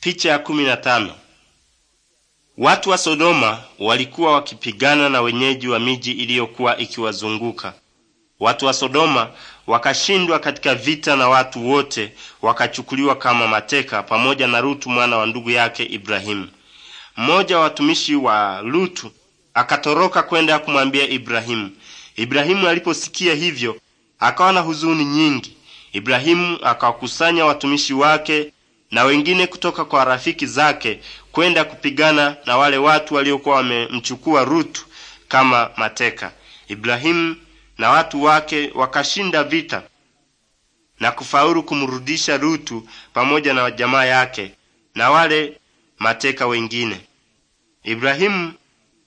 Picha ya kumi na tano. Watu wa Sodoma walikuwa wakipigana na wenyeji wa miji iliyokuwa ikiwazunguka. Watu wa Sodoma wakashindwa katika vita na watu wote wakachukuliwa kama mateka pamoja na Lutu mwana wa ndugu yake Ibrahimu. Mmoja wa watumishi wa Lutu akatoroka kwenda kumwambia Ibrahimu. Ibrahimu aliposikia hivyo akawa na huzuni nyingi. Ibrahimu akawakusanya watumishi wake na wengine kutoka kwa rafiki zake kwenda kupigana na wale watu waliokuwa wamemchukua Rutu kama mateka. Ibrahimu na watu wake wakashinda vita na kufaulu kumrudisha Rutu pamoja na jamaa yake na wale mateka wengine. Ibrahimu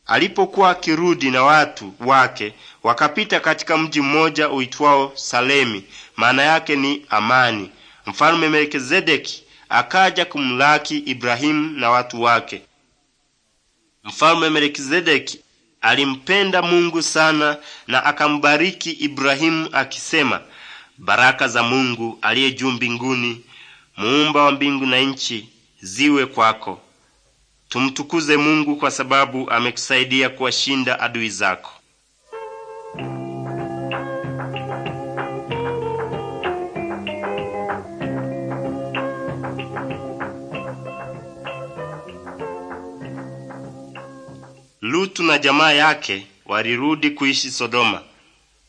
alipokuwa akirudi na watu wake, wakapita katika mji mmoja uitwao Salemi, maana yake ni amani. Mfalme Melkizedeki akaja kumlaki Ibrahimu na watu wake. Mfalme Melkizedeki alimpenda Mungu sana na akambariki Ibrahimu akisema, baraka za Mungu aliye juu mbinguni, muumba wa mbingu na nchi, ziwe kwako. Tumtukuze Mungu kwa sababu amekusaidia kuwashinda adui zako. Lutu na jamaa yake walirudi kuishi Sodoma.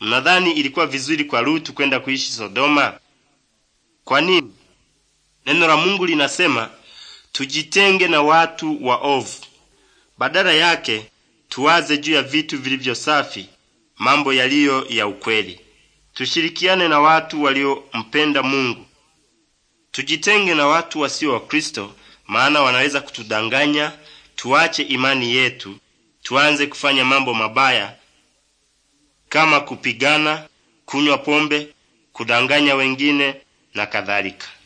Mnadhani ilikuwa vizuri kwa Lutu kwenda kuishi Sodoma? Kwa nini? Neno la Mungu linasema tujitenge na watu wa ovu Badala yake tuwaze juu ya vitu vilivyo safi, mambo yaliyo ya ukweli. Tushirikiane na watu waliompenda Mungu. Tujitenge na watu wasio wa Kristo, maana wanaweza kutudanganya tuache imani yetu tuanze kufanya mambo mabaya kama kupigana, kunywa pombe, kudanganya wengine na kadhalika.